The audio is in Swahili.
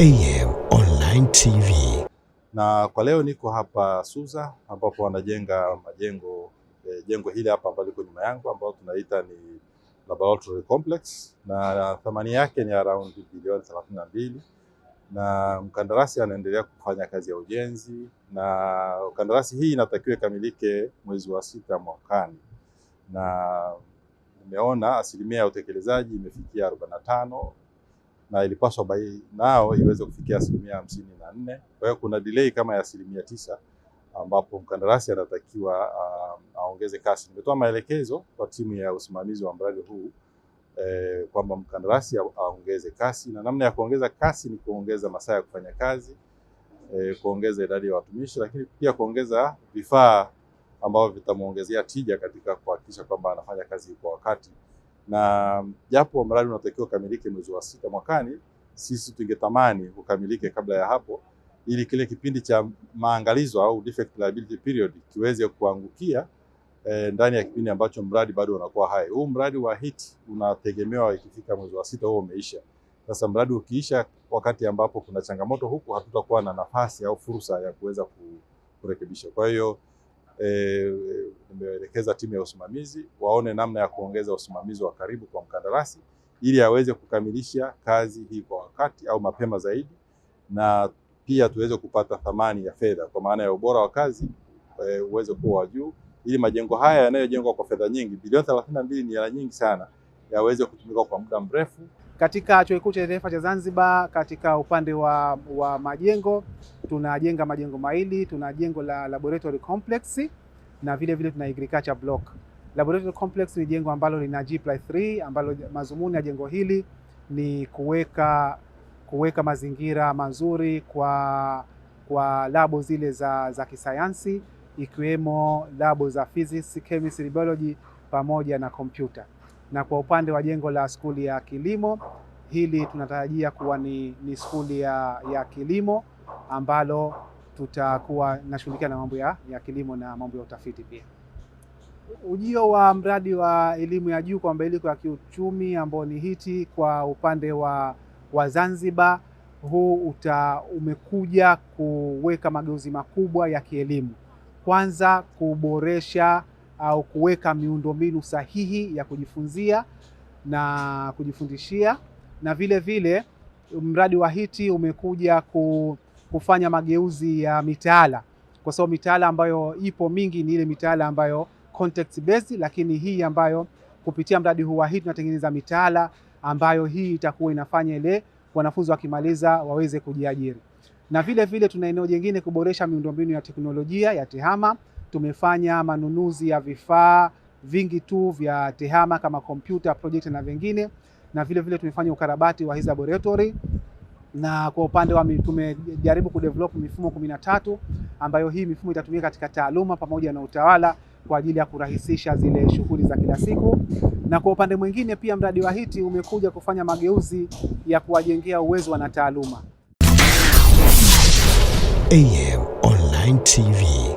AM Online TV. Na kwa leo niko hapa Suza ambapo wanajenga majengo eh, jengo hili hapa ambalo liko nyuma yangu ambalo tunaita ni laboratory complex na thamani yake ni around bilioni 32 na mkandarasi anaendelea kufanya kazi ya ujenzi na kandarasi hii inatakiwa ikamilike mwezi wa sita mwakani, na nimeona asilimia ya utekelezaji imefikia 45 na tano na ilipaswa bai nao iweze kufikia asilimia hamsini na nne. Kwa hiyo kuna delay kama ya asilimia tisa ambapo mkandarasi anatakiwa um, aongeze kasi. Nimetoa maelekezo kwa timu ya usimamizi wa mradi huu eh, kwamba mkandarasi aongeze kasi, na namna ya kuongeza kasi ni kuongeza masaa ya kufanya kazi eh, kuongeza idadi ya watumishi, lakini pia kuongeza vifaa ambavyo vitamwongezea tija katika kuhakikisha kwamba anafanya kazi kwa wakati na japo mradi unatakiwa ukamilike mwezi wa sita mwakani, sisi tungetamani ukamilike kabla ya hapo, ili kile kipindi cha maangalizo au defect liability period kiweze kuangukia e, ndani ya kipindi ambacho mradi bado unakuwa hai. Huu mradi wa HIT unategemewa ikifika mwezi wa sita huo umeisha. Sasa mradi ukiisha wakati ambapo kuna changamoto huku, hatutakuwa na nafasi au fursa ya kuweza kurekebisha. Kwa hiyo umeelekeza eh, eh, nimeelekeza timu ya usimamizi waone namna ya kuongeza usimamizi wa karibu kwa mkandarasi ili aweze kukamilisha kazi hii kwa wakati au mapema zaidi, na pia tuweze kupata thamani ya fedha kwa maana ya ubora wa kazi e, eh, uweze kuwa wa juu ili majengo haya yanayojengwa kwa fedha nyingi, bilioni 32 ni hela nyingi sana, yaweze kutumika kwa muda mrefu. Katika Chuo Kikuu cha Taifa cha Zanzibar katika upande wa, wa majengo tunajenga majengo mawili, tuna jengo la laboratory complex na vile vile tuna agriculture block. Laboratory complex ni jengo ambalo lina G+3 ambalo mazumuni ya jengo hili ni kuweka kuweka mazingira mazuri kwa kwa labo zile za, za kisayansi ikiwemo labo za physics, chemistry, biology pamoja na kompyuta. Na kwa upande wa jengo la skuli ya kilimo hili tunatarajia kuwa ni, ni skuli ya, ya kilimo ambalo tutakuwa nashughulikia na mambo ya, ya kilimo na mambo ya utafiti pia. Ujio wa mradi wa elimu ya juu kwa mabadiliko ya kiuchumi ambao ni hiti kwa upande wa, wa Zanzibar huu uta, umekuja kuweka mageuzi makubwa ya kielimu, kwanza kuboresha au kuweka miundombinu sahihi ya kujifunzia na kujifundishia, na vile vile mradi wa hiti umekuja ku kufanya mageuzi ya mitaala, kwa sababu mitaala ambayo ipo mingi ni ile mitaala ambayo context based, lakini hii ambayo kupitia mradi huu wa hii tunatengeneza mitaala ambayo hii itakuwa inafanya ile wanafunzi wakimaliza waweze kujiajiri. Na vile vile tuna eneo jingine kuboresha miundombinu ya teknolojia ya TEHAMA. Tumefanya manunuzi ya vifaa vingi tu vya TEHAMA kama kompyuta, projector na vingine, na vile vile tumefanya ukarabati wa his laboratory na kwa upande wa tumejaribu kudevelop mifumo kumi na tatu ambayo hii mifumo itatumika katika taaluma pamoja na utawala kwa ajili ya kurahisisha zile shughuli za kila siku. Na kwa upande mwingine pia mradi wa HEET umekuja kufanya mageuzi ya kuwajengea uwezo wanataaluma. AM Online TV